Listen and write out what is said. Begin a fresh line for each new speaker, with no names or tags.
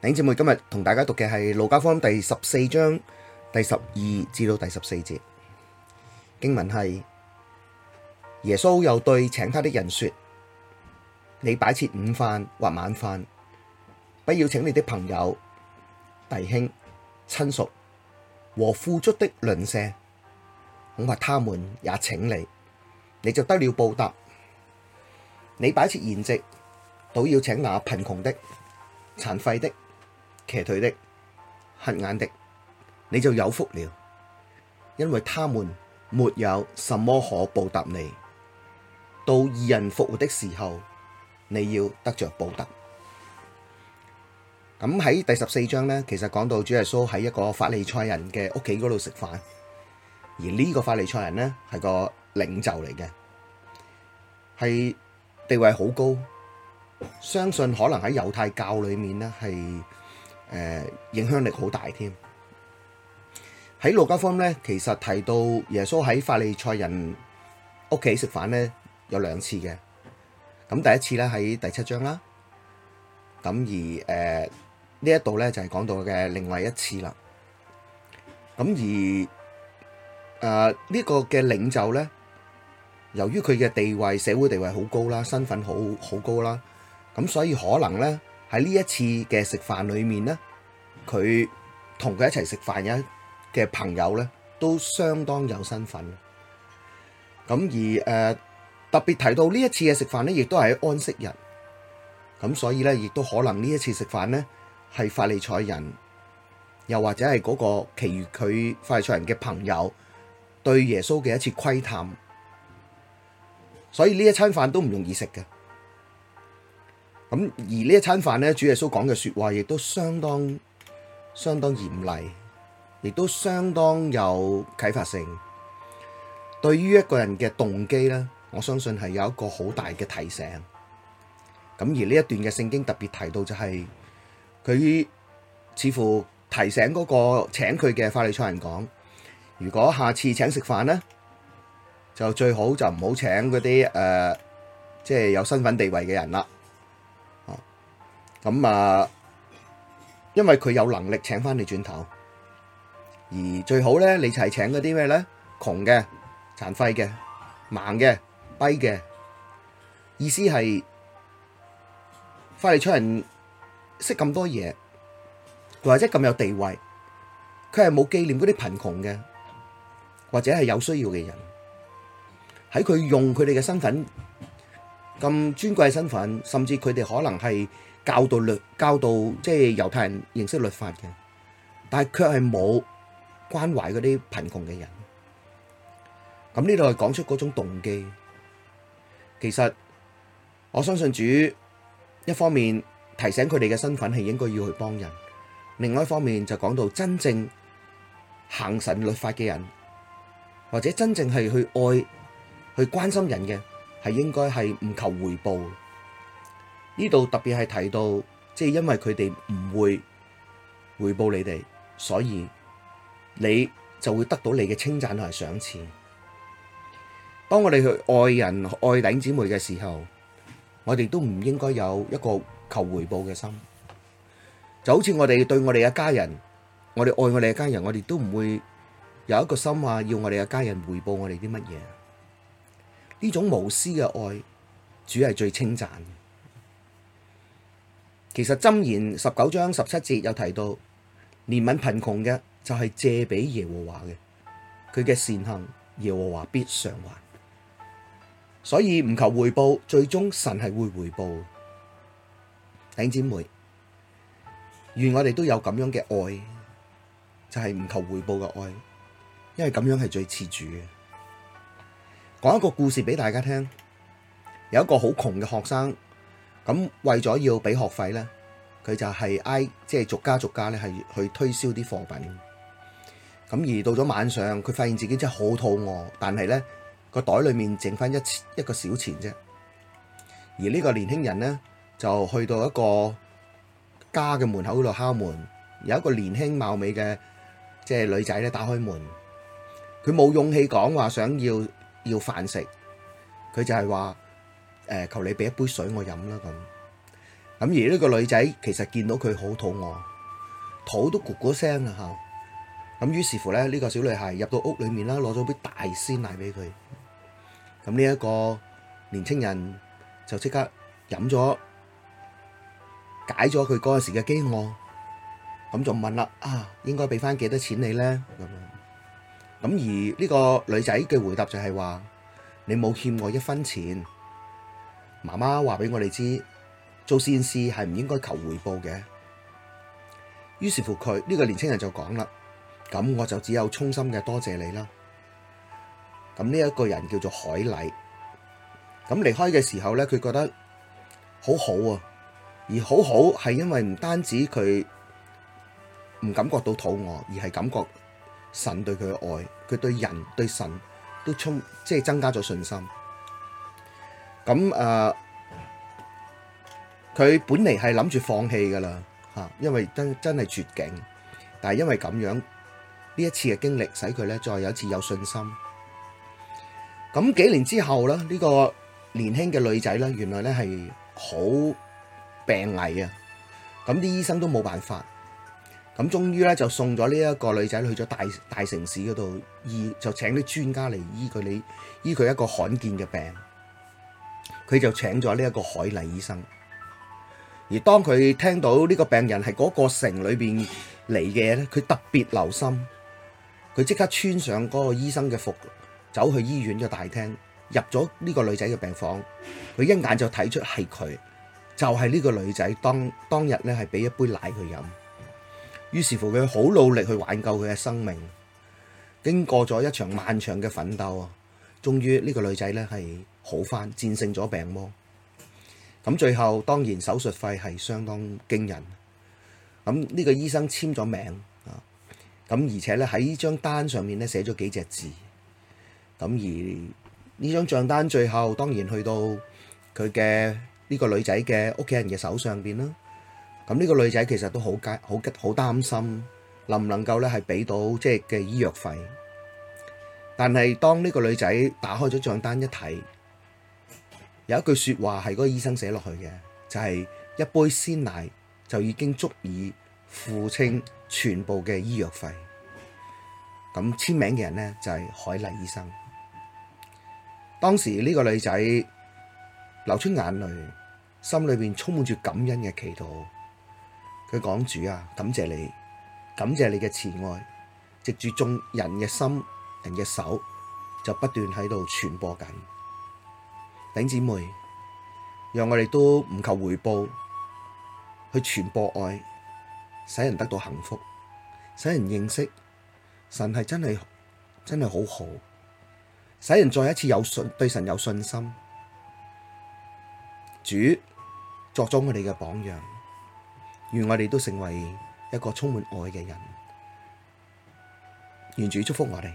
弟兄姊妹，今日同大家讀嘅係《路加福音》第十四章第十二至到第十四節。經文係：耶穌又對請他的人說：你擺設午飯或晚飯，不要請你的朋友、弟兄、親屬和富足的鄰舍，恐怕他們也請你，你就得了報答。你擺設筵席，倒要請那貧窮的、殘廢的。瘸腿的、瞎眼的，你就有福了，因為他們沒有什麼可報答你。到義人復活的時候，你要得着報答。咁喺第十四章咧，其實講到主耶穌喺一個法利賽人嘅屋企嗰度食飯，而呢個法利賽人咧係個領袖嚟嘅，係地位好高，相信可能喺猶太教裏面咧係。誒，影響力好大添。喺《路加福音》咧，其實提到耶穌喺法利賽人屋企食飯咧，有兩次嘅。咁第一次咧喺第七章啦。咁而誒呢一度咧就係講到嘅另外一次啦。咁而誒呢個嘅領袖咧，由於佢嘅地位、社會地位好高啦，身份好好高啦，咁所以可能咧。喺呢一次嘅食飯裏面呢，佢同佢一齊食飯嘅朋友呢，都相當有身份。咁而誒、呃、特別提到呢一次嘅食飯呢，亦都係喺安息日。咁所以呢，亦都可能呢一次食飯呢係法利賽人，又或者係嗰個其餘佢法利賽人嘅朋友對耶穌嘅一次窺探。所以呢一餐飯都唔容易食嘅。咁而呢一餐飯咧，主耶穌講嘅說話亦都相當相當嚴厲，亦都相當有啟發性。對於一個人嘅動機咧，我相信係有一個好大嘅提醒。咁而呢一段嘅聖經特別提到就係、是、佢似乎提醒嗰個請佢嘅法利賽人講：如果下次請食飯咧，就最好就唔好請嗰啲誒，即、呃、係、就是、有身份地位嘅人啦。咁啊，因為佢有能力請翻你轉頭，而最好咧，你就係請嗰啲咩咧，窮嘅、殘廢嘅、盲嘅、跛嘅，意思係翻嚟出人識咁多嘢，或者咁有地位，佢係冇紀念嗰啲貧窮嘅，或者係有需要嘅人，喺佢用佢哋嘅身份咁尊貴身份，甚至佢哋可能係，教導律、教導即係猶太人認識律法嘅，但係卻係冇關懷嗰啲貧窮嘅人。咁呢度係講出嗰種動機。其實我相信主一方面提醒佢哋嘅身份係應該要去幫人，另外一方面就講到真正行神律法嘅人，或者真正係去愛、去關心人嘅，係應該係唔求回報。呢度特別係提到，即係因為佢哋唔會回報你哋，所以你就會得到你嘅稱讚同埋賞賜。當我哋去愛人、愛頂姊妹嘅時候，我哋都唔應該有一個求回報嘅心，就好似我哋對我哋嘅家人，我哋愛我哋嘅家人，我哋都唔會有一個心話要我哋嘅家人回報我哋啲乜嘢。呢種無私嘅愛，主係最稱讚其實箴言十九章十七節有提到，憐憫貧窮嘅就係借俾耶和華嘅，佢嘅善行耶和華必償還。所以唔求回報，最終神係會回報。弟兄姊妹，願我哋都有咁樣嘅愛，就係唔求回報嘅愛，因為咁樣係最似主嘅。講一個故事俾大家聽，有一個好窮嘅學生，咁為咗要俾學費咧。佢就係挨，即係逐家逐家咧，係去推銷啲貨品。咁而到咗晚上，佢發現自己真係好肚餓，但係呢個袋裏面剩翻一一個小錢啫。而呢個年輕人咧，就去到一個家嘅門口度敲門，有一個年輕貌美嘅即係女仔咧，打開門，佢冇勇氣講話想要要飯食，佢就係話誒，求你俾一杯水我飲啦咁。咁而呢個女仔其實見到佢好肚餓，肚都咕咕聲啦吓。咁、啊、於是乎咧，呢、呢個小女孩入到屋裏面啦，攞咗杯大鮮奶俾佢。咁呢一個年青人就即刻飲咗，解咗佢嗰時嘅飢餓。咁就問啦，啊應該俾翻幾多錢你咧？咁樣。咁而呢個女仔嘅回答就係話：你冇欠我一分錢。媽媽話俾我哋知做善事係唔應該求回報嘅，於是乎佢呢、這個年青人就講啦：，咁我就只有衷心嘅多謝,謝你啦。咁呢一個人叫做海禮，咁離開嘅時候咧，佢覺得好好啊，而好好係因為唔單止佢唔感覺到肚餓，而係感覺神對佢嘅愛，佢對人對神都充即係增加咗信心。咁誒。呃佢本嚟係諗住放棄噶啦，吓，因為真真係絕境。但係因為咁樣呢一次嘅經歷使呢，使佢咧再有一次有信心。咁、嗯、幾年之後咧，呢、這個年輕嘅女仔咧，原來咧係好病危啊！咁、嗯、啲醫生都冇辦法，咁、嗯、終於咧就送咗呢一個女仔去咗大大城市嗰度醫，就請啲專家嚟醫佢，你醫佢一個罕見嘅病。佢就請咗呢一個海麗醫生。而當佢聽到呢個病人係嗰個城裏邊嚟嘅咧，佢特別留心，佢即刻穿上嗰個醫生嘅服，走去醫院嘅大廳，入咗呢個女仔嘅病房，佢一眼就睇出係佢，就係、是、呢個女仔當當日咧係俾一杯奶佢飲，於是乎佢好努力去挽救佢嘅生命，經過咗一場漫長嘅奮鬥，終於呢個女仔咧係好返，戰勝咗病魔。咁最後當然手術費係相當驚人，咁呢個醫生簽咗名啊，咁而且咧喺呢張單上面咧寫咗幾隻字，咁而呢張帳單最後當然去到佢嘅呢個女仔嘅屋企人嘅手上邊啦。咁呢個女仔其實都好介好急好擔心，能唔能夠咧係俾到即係嘅醫藥費？但係當呢個女仔打開咗帳單一睇。有一句說話係嗰個醫生寫落去嘅，就係一杯鮮奶就已經足以付清全部嘅醫藥費。咁簽名嘅人呢，就係海麗醫生。當時呢個女仔流出眼淚，心裏面充滿住感恩嘅祈禱。佢講，主啊，感謝你，感謝你嘅慈愛，藉住眾人嘅心、人嘅手，就不斷喺度傳播緊。頂姊妹，讓我哋都唔求回報，去傳播愛，使人得到幸福，使人認識神係真係真係好好，使人再一次有信對神有信心。主，作咗我哋嘅榜樣，願我哋都成為一個充滿愛嘅人。願主祝福我哋。